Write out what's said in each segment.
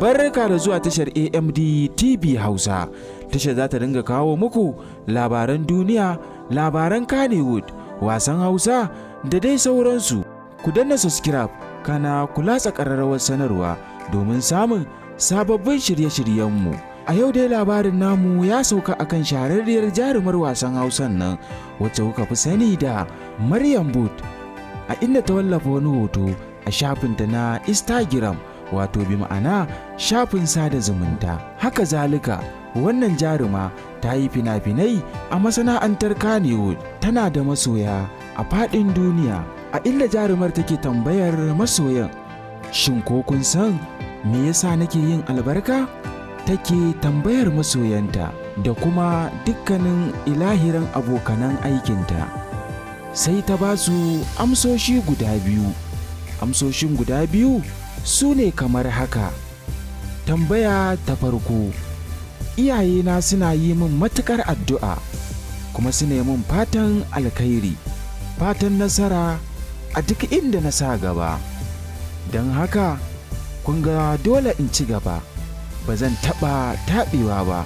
Barka da zuwa tashar AMD TV Hausa. Tashar za ta dinga kawo muku labaran duniya, labaran Kannywood, wasan Hausa da dai sauransu. Ku danna subscribe kana kula kararrawar sanarwa domin samun sababbin shirye-shiryenmu. A yau dai labarin namu ya sauka akan shahararriyar jarumar wasan Hausan nan wacce kuka fi sani da Maryam Boot a inda ta wallafa wani hoto a shafinta na Instagram. wato bi ma'ana shafin sada zumunta haka zalika wannan jaruma ta yi fina-finai a masana'antar kanewood tana da masoya a faɗin duniya a inda jarumar take tambayar masoyan shin ko kun san me yasa nake yin albarka take tambayar masoyanta da kuma dukkanin ilahiran abokanan aikinta sai ta ba su amsoshi guda biyu amsoshin guda biyu su ne kamar haka tambaya ta farko iyayena suna yi min matuƙar addu'a kuma su ne min fatan alkhairi fatan nasara a duk inda na sa gaba don haka kun ga dole in ci gaba ba zan taɓa taɓewa ba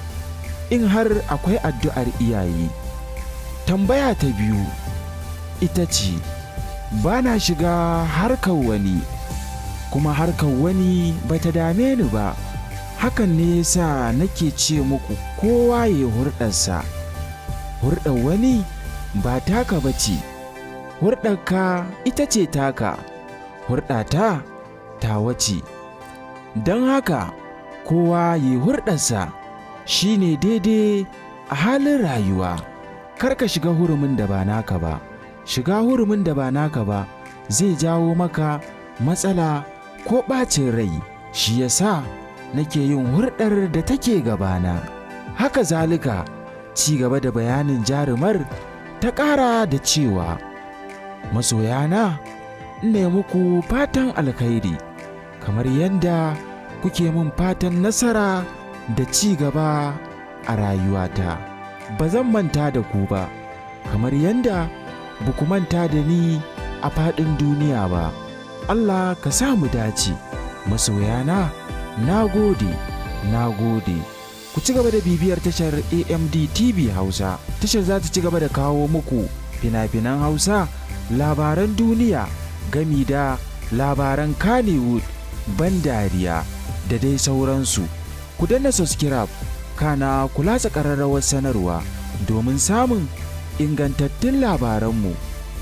in har akwai addu'ar iyaye tambaya ta biyu ita ce ba na shiga harkar wani kuma harkar wani ba ta dame ni ba hakan ne yasa nake ce muku kowa ya hurɗarsa hurɗar wani ba taka ba ce hurɗarka ita ce taka hurɗata ta ce don haka kowa ya hurɗarsa shi ne daidai a halin rayuwa kar ka shiga hurumin da ba naka ba shiga hurumin da ba naka ba zai jawo maka matsala ko ɓacin rai shi ya sa nake yin hurɗar da take gabana haka zalika ci gaba da bayanin jarumar ta ƙara da cewa masoyana ne muku fatan alkhairi kamar yadda kuke min fatan nasara da ci gaba a rayuwata ba zan manta da ku ba kamar yadda buku manta da ni a faɗin duniya ba. Allah ka sa mu dace masoyana na gode na gode ku ci gaba da bibiyar tashar amd tv hausa tashar za ta ci gaba da kawo muku fina-finan hausa labaran duniya gami da labaran kannywood ban dariya da dai sauransu ku danna subscribe kana ku latsa ƙararrawar sanarwa domin samun ingantattun labaranmu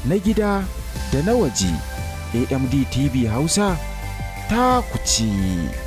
na gida da na waje. amd tv hausa ta kuci.